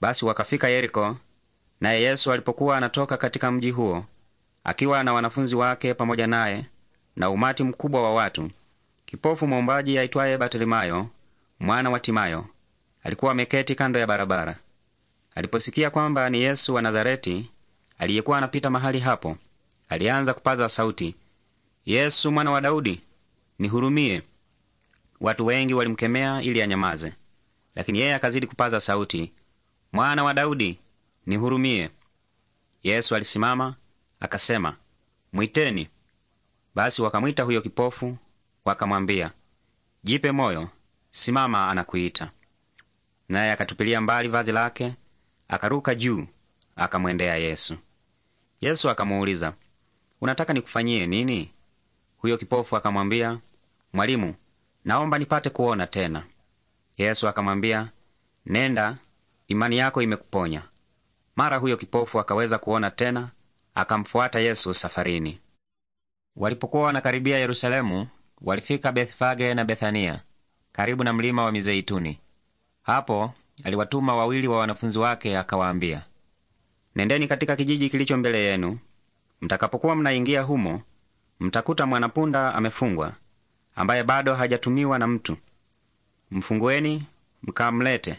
Basi wakafika Yeriko, naye Yesu alipokuwa anatoka katika mji huo akiwa na wanafunzi wake pamoja naye na umati mkubwa wa watu, kipofu mwombaji aitwaye Bartimayo mwana wa Timayo alikuwa ameketi kando ya barabara. Aliposikia kwamba ni Yesu wa Nazareti aliyekuwa anapita mahali hapo, alianza kupaza sauti, Yesu mwana wa Daudi, nihurumie. Watu wengi walimkemea ili anyamaze, lakini yeye akazidi kupaza sauti, mwana wa Daudi, nihurumie. Yesu alisimama akasema, mwiteni. Basi wakamwita huyo kipofu, wakamwambia, jipe moyo, simama, anakuita. Naye akatupilia mbali vazi lake, akaruka juu, akamwendea Yesu. Yesu akamuuliza, unataka nikufanyie nini? Huyo kipofu akamwambia, Mwalimu, naomba nipate kuona tena. Yesu akamwambia, nenda, imani yako imekuponya. Mara huyo kipofu akaweza kuona tena, akamfuata Yesu safarini. Walipokuwa wanakaribia Yerusalemu, walifika Bethfage na Bethania karibu na mlima wa Mizeituni. Hapo aliwatuma wawili wa wanafunzi wake, akawaambia, nendeni katika kijiji kilicho mbele yenu. Mtakapokuwa mnaingia humo, mtakuta mwanapunda amefungwa, ambaye bado hajatumiwa na mtu. Mfungueni mkamlete.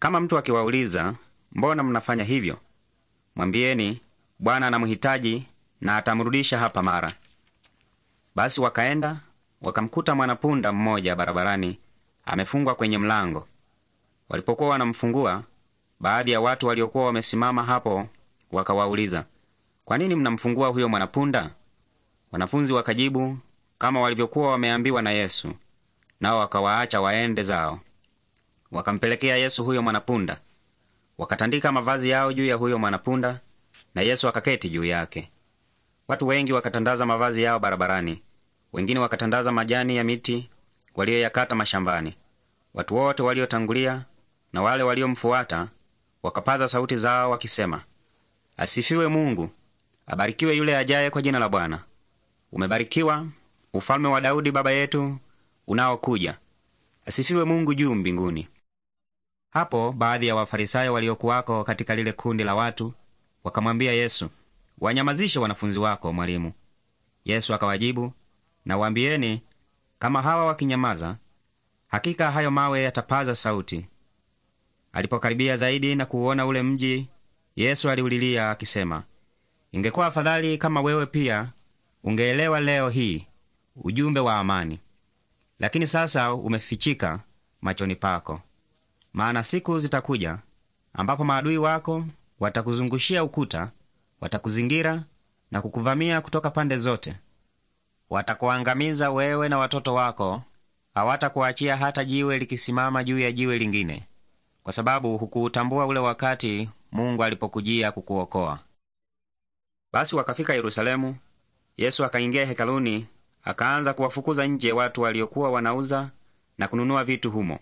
Kama mtu akiwauliza mbona mnafanya hivyo, mwambieni Bwana anamhitaji na atamrudisha hapa mara. Basi wakaenda wakamkuta mwanapunda mmoja barabarani amefungwa kwenye mlango. Walipokuwa wanamfungua, baadhi ya watu waliokuwa wamesimama hapo wakawauliza, kwa nini mnamfungua huyo mwanapunda? Wanafunzi wakajibu kama walivyokuwa wameambiwa na Yesu, nao wakawaacha waende zao. Wakampelekea Yesu huyo mwanapunda, wakatandika mavazi yao juu ya huyo mwanapunda, na Yesu akaketi juu yake. Watu wengi wakatandaza mavazi yao barabarani, wengine wakatandaza majani ya miti waliyoyakata mashambani. Watu wote waliotangulia na wale waliomfuata wakapaza sauti zao wakisema, asifiwe Mungu, abarikiwe yule ajaye kwa jina la Bwana. Umebarikiwa ufalme wa Daudi baba yetu unaokuja. Asifiwe Mungu juu mbinguni. Hapo baadhi ya Wafarisayo waliokuwako katika lile kundi la watu wakamwambia Yesu, wanyamazishe wanafunzi wako mwalimu. Yesu akawajibu, nawaambieni, kama hawa wakinyamaza, hakika hayo mawe yatapaza sauti. Alipokaribia zaidi na kuuona ule mji, Yesu aliulilia akisema, ingekuwa afadhali kama wewe pia ungeelewa leo hii ujumbe wa amani, lakini sasa umefichika machoni pako. Maana siku zitakuja ambapo maadui wako watakuzungushia ukuta, watakuzingira na kukuvamia kutoka pande zote. Watakuangamiza wewe na watoto wako, hawatakuachia hata jiwe likisimama juu ya jiwe lingine, kwa sababu hukuutambua ule wakati Mungu alipokujia kukuokoa. Basi wakafika Yerusalemu. Yesu akaingia hekaluni, akaanza kuwafukuza nje watu waliokuwa wanauza na kununua vitu humo.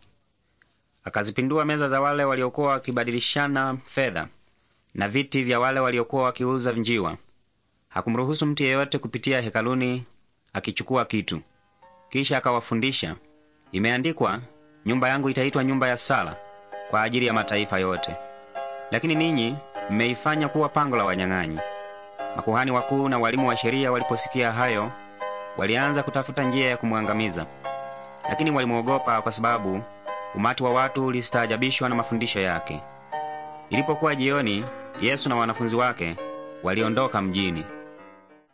Akazipindua meza za wale waliokuwa wakibadilishana fedha na viti vya wale waliokuwa wakiuza njiwa. Hakumruhusu mtu yeyote kupitia hekaluni akichukua kitu. Kisha akawafundisha, imeandikwa, nyumba yangu itaitwa nyumba ya sala kwa ajili ya mataifa yote, lakini ninyi mmeifanya kuwa pango la wanyang'anyi. Makuhani wakuu na walimu wa sheria waliposikia hayo, walianza kutafuta njia ya kumwangamiza, lakini walimwogopa kwa sababu Umati wa watu ulistaajabishwa na mafundisho yake. Ilipokuwa jioni, Yesu na wanafunzi wake waliondoka mjini.